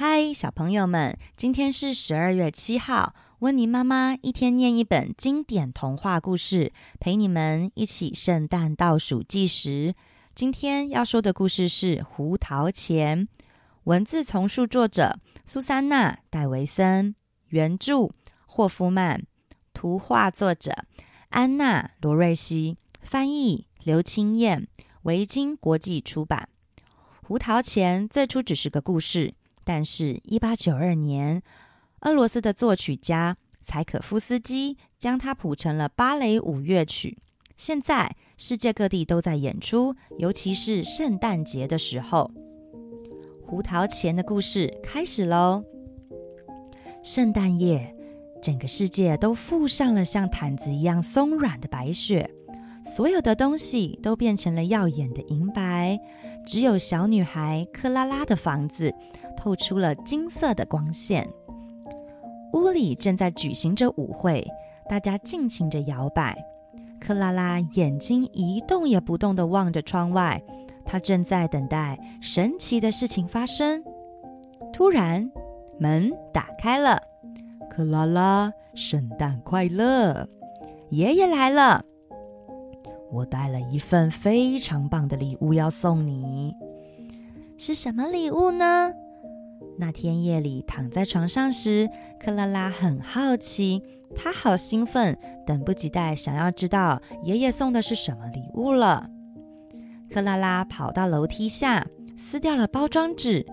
嗨，Hi, 小朋友們！今天是十二月七號。溫妮媽媽一天念一本經典童話故事，陪你們一起聖誕倒數計時。今天要說的故事是《胡桃鉗》，文字重述作者蘇珊娜·戴維森，原著霍夫曼，圖畫作者安娜·羅瑞希，翻譯劉清彥，維京國際出版。《胡桃鉗》最初只是個故事。但是，一八九二年，俄羅斯的作曲家柴可夫斯基將它譜成了芭蕾舞樂曲。現在，世界各地都在演出，尤其是聖誕節的時候。胡桃鉗的故事開始嘍！聖誕夜，整個世界都覆上了像毯子一樣鬆軟的白雪。所有的東西都變成了耀眼的銀白，只有小女孩克拉拉的房子透出了金色的光線。屋裡正在舉行着舞會，大家盡情着搖擺。克拉拉眼睛一動也不動地望着窗外，她正在等待神奇的事情發生。突然，門打開了，克拉拉，聖誕快樂，爺爺來了。我帶了一份非常棒的禮物要送你，是什麼禮物呢？那天夜裡躺在床上時，克拉拉很好奇，她好興奮，等不及待想要知道爺爺送的是什麼禮物了。克拉拉跑到樓梯下，撕掉了包裝紙，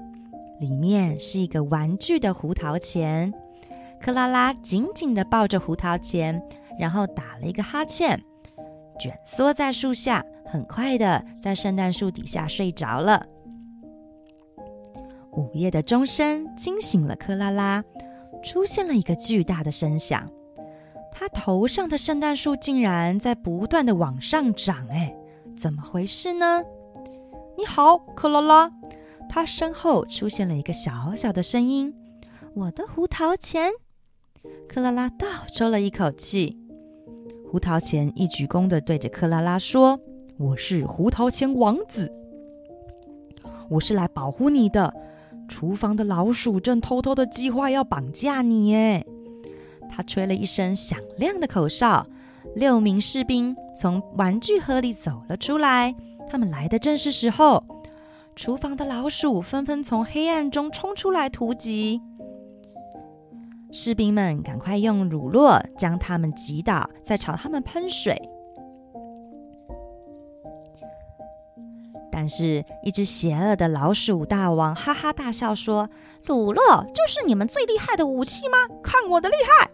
裡面是一個玩具的胡桃鉗。克拉拉緊緊緊地抱着胡桃鉗，然後打了一個哈欠。蜷縮在樹下，很快的在聖誕樹底下睡着了。午夜的鐘聲驚醒了克拉拉，出現了一個巨大的聲響。她頭上的聖誕樹竟然在不斷的往上長。哎，怎麼回事呢？你好，克拉拉。她身後出現了一個小小的聲音：“我的胡桃鉗！”克拉拉倒抽了一口氣。胡桃鉗一鞠躬地對着克拉拉說：“我是胡桃鉗王子，我是來保護你的。廚房的老鼠正偷偷地計劃要綁架你。”耶。他吹了一聲響亮的口哨，六名士兵從玩具盒裡走了出來。他們來的正是時候。廚房的老鼠紛紛，紛從黑暗中衝出來突擊。士兵們趕快用乳酪將他們擊倒，再朝他們噴水。但是，一隻邪惡的老鼠大王哈哈大笑說：“乳酪就是你們最厲害的武器嗎？看我的厲害！”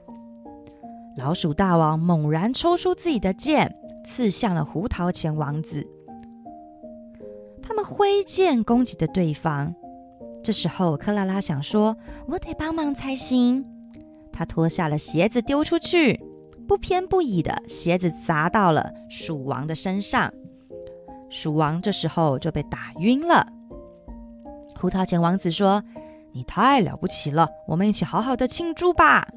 老鼠大王猛然抽出自己的劍，刺向了胡桃鉗王子。他們揮劍攻擊着對方。這時候，克拉拉想說：“我得幫忙才行。”他脫下了鞋子，丟出去，不偏不倚的鞋子砸到了鼠王的身上。鼠王這時候就被打暈了。胡桃鉗王子說：“你太了不起了，我們一起好好的慶祝吧。”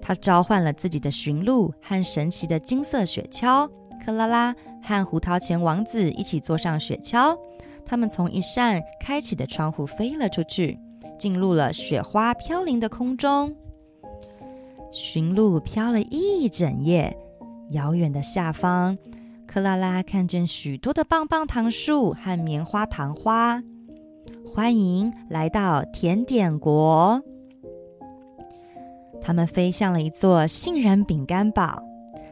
他召喚了自己的馴鹿和神奇的金色雪橇，克拉拉和胡桃鉗王子一起坐上雪橇，他們從一扇開啟的窗戶飛了出去。進入了雪花飄零的空中，馴鹿飄了一整夜。遙遠的下方，克拉拉看見許多的棒棒糖樹和棉花糖花。歡迎來到甜點國。他們飛向了一座杏仁餅乾堡，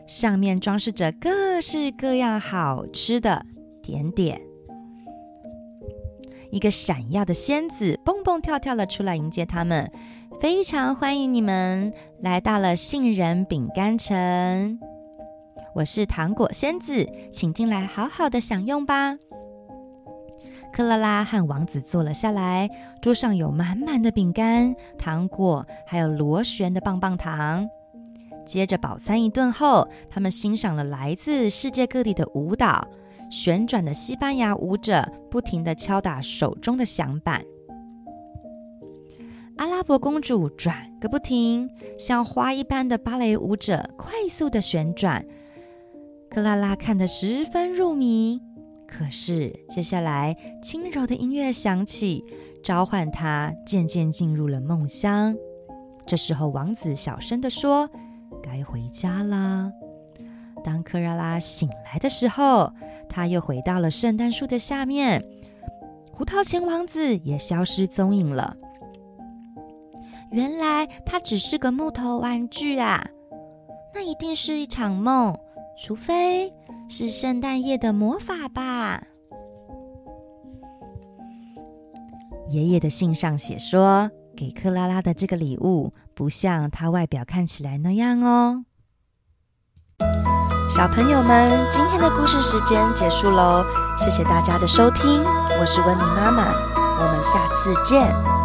上面裝飾着各式各樣好吃的甜點。一個閃耀的仙子蹦蹦跳跳的出來迎接他們，非常歡迎你們來到了杏仁餅乾城。我是糖果仙子，請進來好好的享用吧。克拉拉和王子坐了下來，桌上有滿滿的餅乾、糖果，還有螺旋的棒棒糖。接着飽餐一頓後，他們欣賞了來自世界各地的舞蹈。旋轉的西班牙舞者不停地敲打手中的響板，阿拉伯公主轉個不停，像花一般的芭蕾舞者快速地旋轉。克拉拉看得十分入迷，可是接下來輕柔的音樂響起，召喚她漸漸進入了夢鄉。這時候，王子小聲地說：“該回家啦。”當克拉拉醒來的時候，她又回到了聖誕樹的下面，胡桃鉗王子也消失蹤影了。原來他只是個木頭玩具啊！那一定是一場夢，除非是聖誕夜的魔法吧？爺爺的信上寫說，給克拉拉的這個禮物不像它外表看起來那樣哦。小朋友們，今天的故事時間結束嘍，謝謝大家的收聽，我是溫妮媽媽，我們下次見。